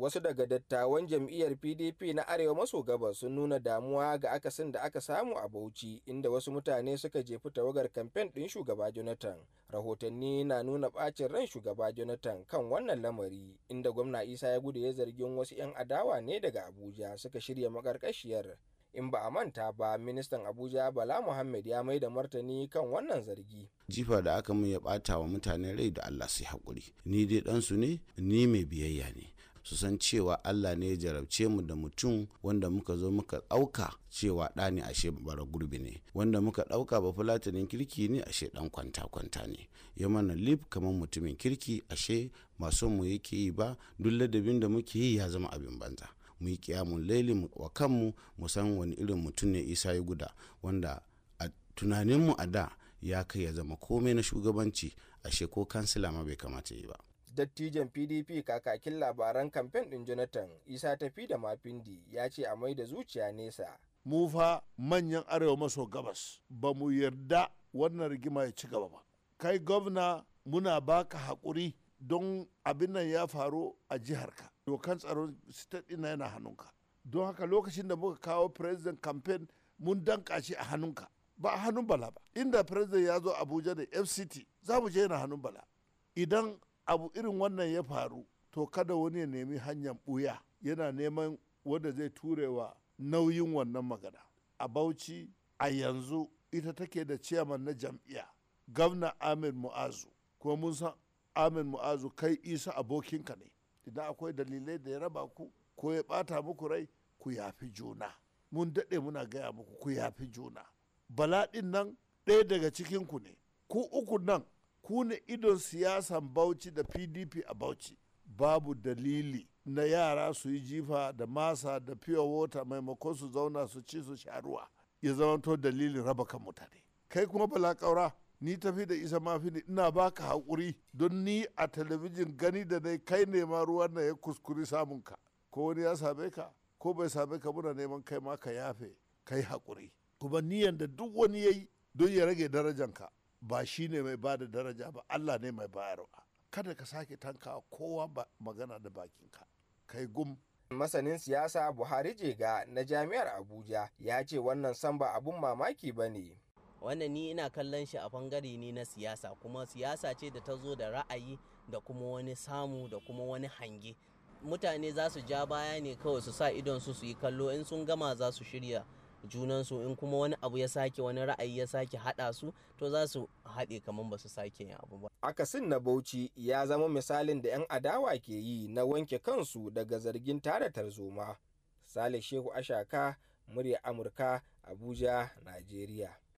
wasu daga dattawan jam'iyyar pdp na arewa maso gabas sun nuna damuwa ga akasin da aka samu a bauchi inda wasu mutane suka jefi tawagar kamfen ɗin shugaba jonathan rahotanni na nuna ɓacin ran shugaba jonathan kan wannan lamari inda gwamna isa ya gudu ya zargin wasu 'yan adawa ne daga abuja suka shirya makarkashiyar in ba a manta ba ministan abuja bala muhammad ya mai da martani kan wannan zargi jifa da aka mun ya bata wa mutane rai da allah sai haƙuri ni dai ɗansu ne ni mai biyayya ne su san cewa allah ne ya jarabce mu da mutum wanda muka zo muka ɗauka cewa ɗa ne ashe bara gurbi ne wanda muka ɗauka ba fulatinin kirki ne ashe ɗan kwanta kwanta ne ya mana lif kamar mutumin kirki ashe masu mu yake yi ba duk ladabin da muke yi ya zama abin banza mu yi kiyamun laili wa kanmu mu san wani irin mutum ne isa ya guda wanda a tunaninmu a da ya kai ya zama komai na shugabanci ashe ko kansila ma bai kamata yi ba dattijan pdp kakakin labaran kamfen ɗin jonathan isa tafi da mafindi ya ce a mai da zuciya nesa mu fa manyan arewa maso gabas ba mu yarda wannan rigima ya ci gaba ba kai gwamna muna baka haƙuri don abin nan ya faru a jiharka dokan tsaron state ɗina yana hannunka don haka lokacin da muka kawo president campaign mun danka shi a hannunka ba a hannun bala ba inda president ya zo abuja da fct za mu je yana hannun bala idan abu irin wannan ya faru to kada wani ya nemi hanyar buya yana neman wanda zai turewa nauyin wannan magana a bauchi a yanzu ita take da ciyaman na jam'iya gwamna amin mu'azu kuma mun san amin mu'azu kai isa abokinka ne idan akwai dalilai da ya raba ku ko ya bata muku rai ku yafi juna mun daɗe muna gaya muku ku yafi juna bala'in nan ɗaya daga cikinku ne ku uku nan ku ne idon siyasan bauchi da pdp a bauchi babu dalili na yara su yi jifa da masa da pure water maimakon su zauna su ci su sharuwa ya zama to dalilin raba kan mutane kai kuma bala kaura ni tafi da isa mafi ne ina baka haƙuri don ni a talabijin gani da dai kai nema ruwan na ya kuskuri samun ka ko wani ya same ka ko bai same ka muna neman kai ma ka yafe kai haƙuri kuma niyan da duk wani ya yi don ya rage darajanka ba shi ne mai ba da daraja ba allah ne mai bayarwa kada ka sake tanka kowa magana da bakinka kai gum masanin siyasa buhari jega na jami'ar abuja ya ce wannan san ba abun mamaki ba ne wannan ni ina kallon shi a bangare ne na siyasa kuma siyasa ce da ta zo da ra'ayi da kuma wani samu da kuma wani hange mutane za su ja baya ne kawai su sa idon su su yi kallo in sun gama za su shirya junansu in kuma wani abu ya sake wani ra'ayi ya sake haɗa su to za su haɗe kamar ba su sake yin abu ba. Akasin na Bauchi ya zama misalin da 'yan adawa ke yi na wanke kansu daga zargin tara tarzoma. Sale Shehu Ashaka, murya Amurka, Abuja, Najeriya.